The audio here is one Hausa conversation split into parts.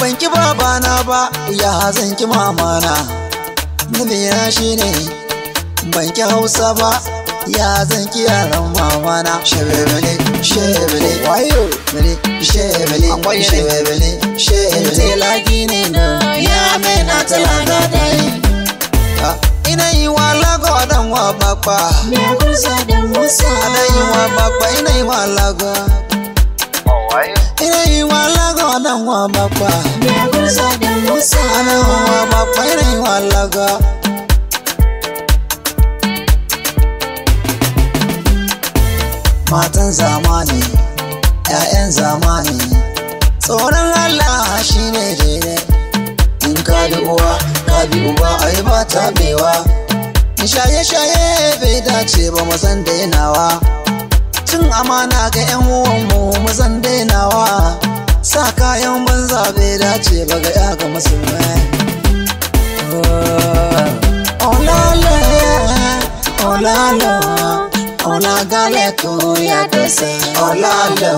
ban ki babana ba ya hazan ki mamana namina shi ne ban ki hausa ba ya zan ki yaran mamana shebele shebele wayo bele shebele shebele shebele lagi ne no ya mena talaga dai ina yi wa lago dan wa bakwa me kusa dan musa ina yi wa bakwa ina yi wa lago oh wayo anawa bakwa walaga matan zamani ‘ya'yan zamani tsoron Allah shi ne daidai in ka bi uwa ka bi uba a ba ta bewa shaye-shaye bai dace ba mazan dainawa cin amana ga 'yan uwanmu mazan dainawa sa kayan banza bai dace ba ga ya ga musulmai olala oh, oh olala oh ola gale ko ya dose olala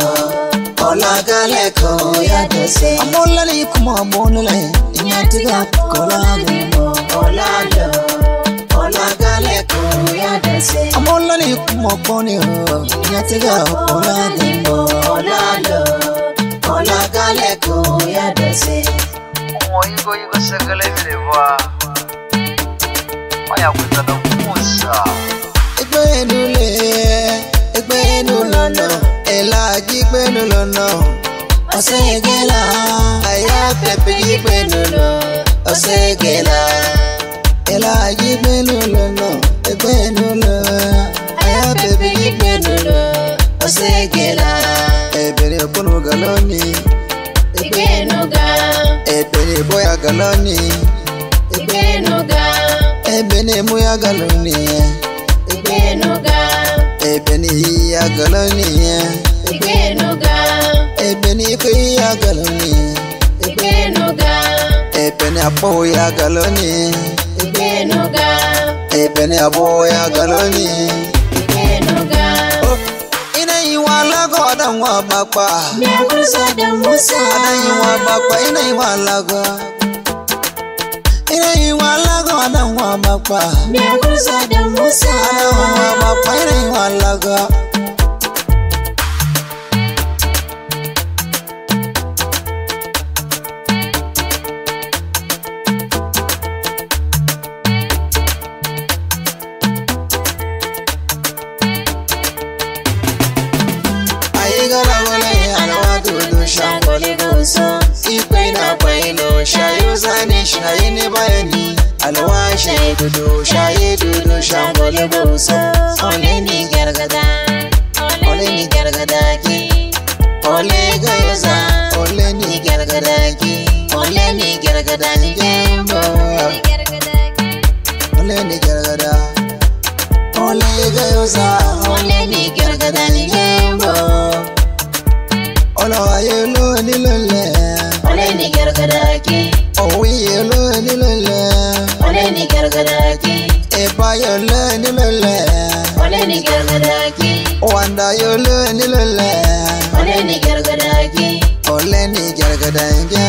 ola gale ko ya dose amolale kuma amolale ina tiga kola gumo olala ola gale ko ya dose amolale kuma boni o ina tiga kola gumo olala Onagale kuya desi Mwoingo yigo segele mileva Maya kwita na kumusa Igbe enu le Igbe enu lono Elaji igbe enu lono Osegela Aya pepe igbe enu lono Osegela Elaji igbe enu lono Igbe enu lono Aya pepe igbe enu lono Osegela unu galoni Igenuga Ebele eh, boya galoni Igenuga Ebele eh, muya galoni Igenuga Ebele iya galoni Igenuga Ebele iko ya galoni Igenuga Ebele apo ya galoni Igenuga Ebele eh, abo ya galoni Igenuga yi wa lago dan wa bakwa me musa yi wa bakwa ina yi wa lago ina yi wa lago dan wa bakwa me musa wa yi wa garabalai alwadudu shangoli guso ikwai na bailo shayo zane shaye ne bayani alwashe dudu shaye dudu shangoli guso ole ni gargada ole ni gargada ki ole gaiza ole ni gargada ki ole ni gargada gembo ole ni gargada ole gaiza ole ni gargada gembo Ola ayé ló nílò lẹ̀. ọ̀lẹ́ ní gẹ́rùgẹ́dà kí. òun yìí ló nílò lẹ̀. ọ̀lẹ́ ní gẹ́rùgẹ́dà kí. ìbáyọ̀ ló nílò lẹ̀. ọ̀lẹ́ ní gẹ́rùgẹ́dà kí. wàndà yóò ló nílò lẹ̀. ọ̀lẹ́ ní gẹ́rùgẹ́dà kí. ọ̀lẹ́ ní gẹ́rùgẹ́dà kí.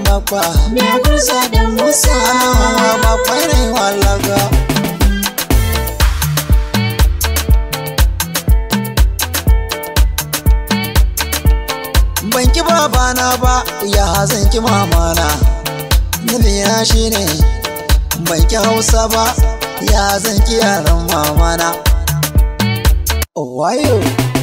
makwa Me da musa Ana ah, mama makwa walaga Banki babana ba ya zanki mamana Miliya shi ne banki hausa ba ya zanki yaran mamana oh, Wayo!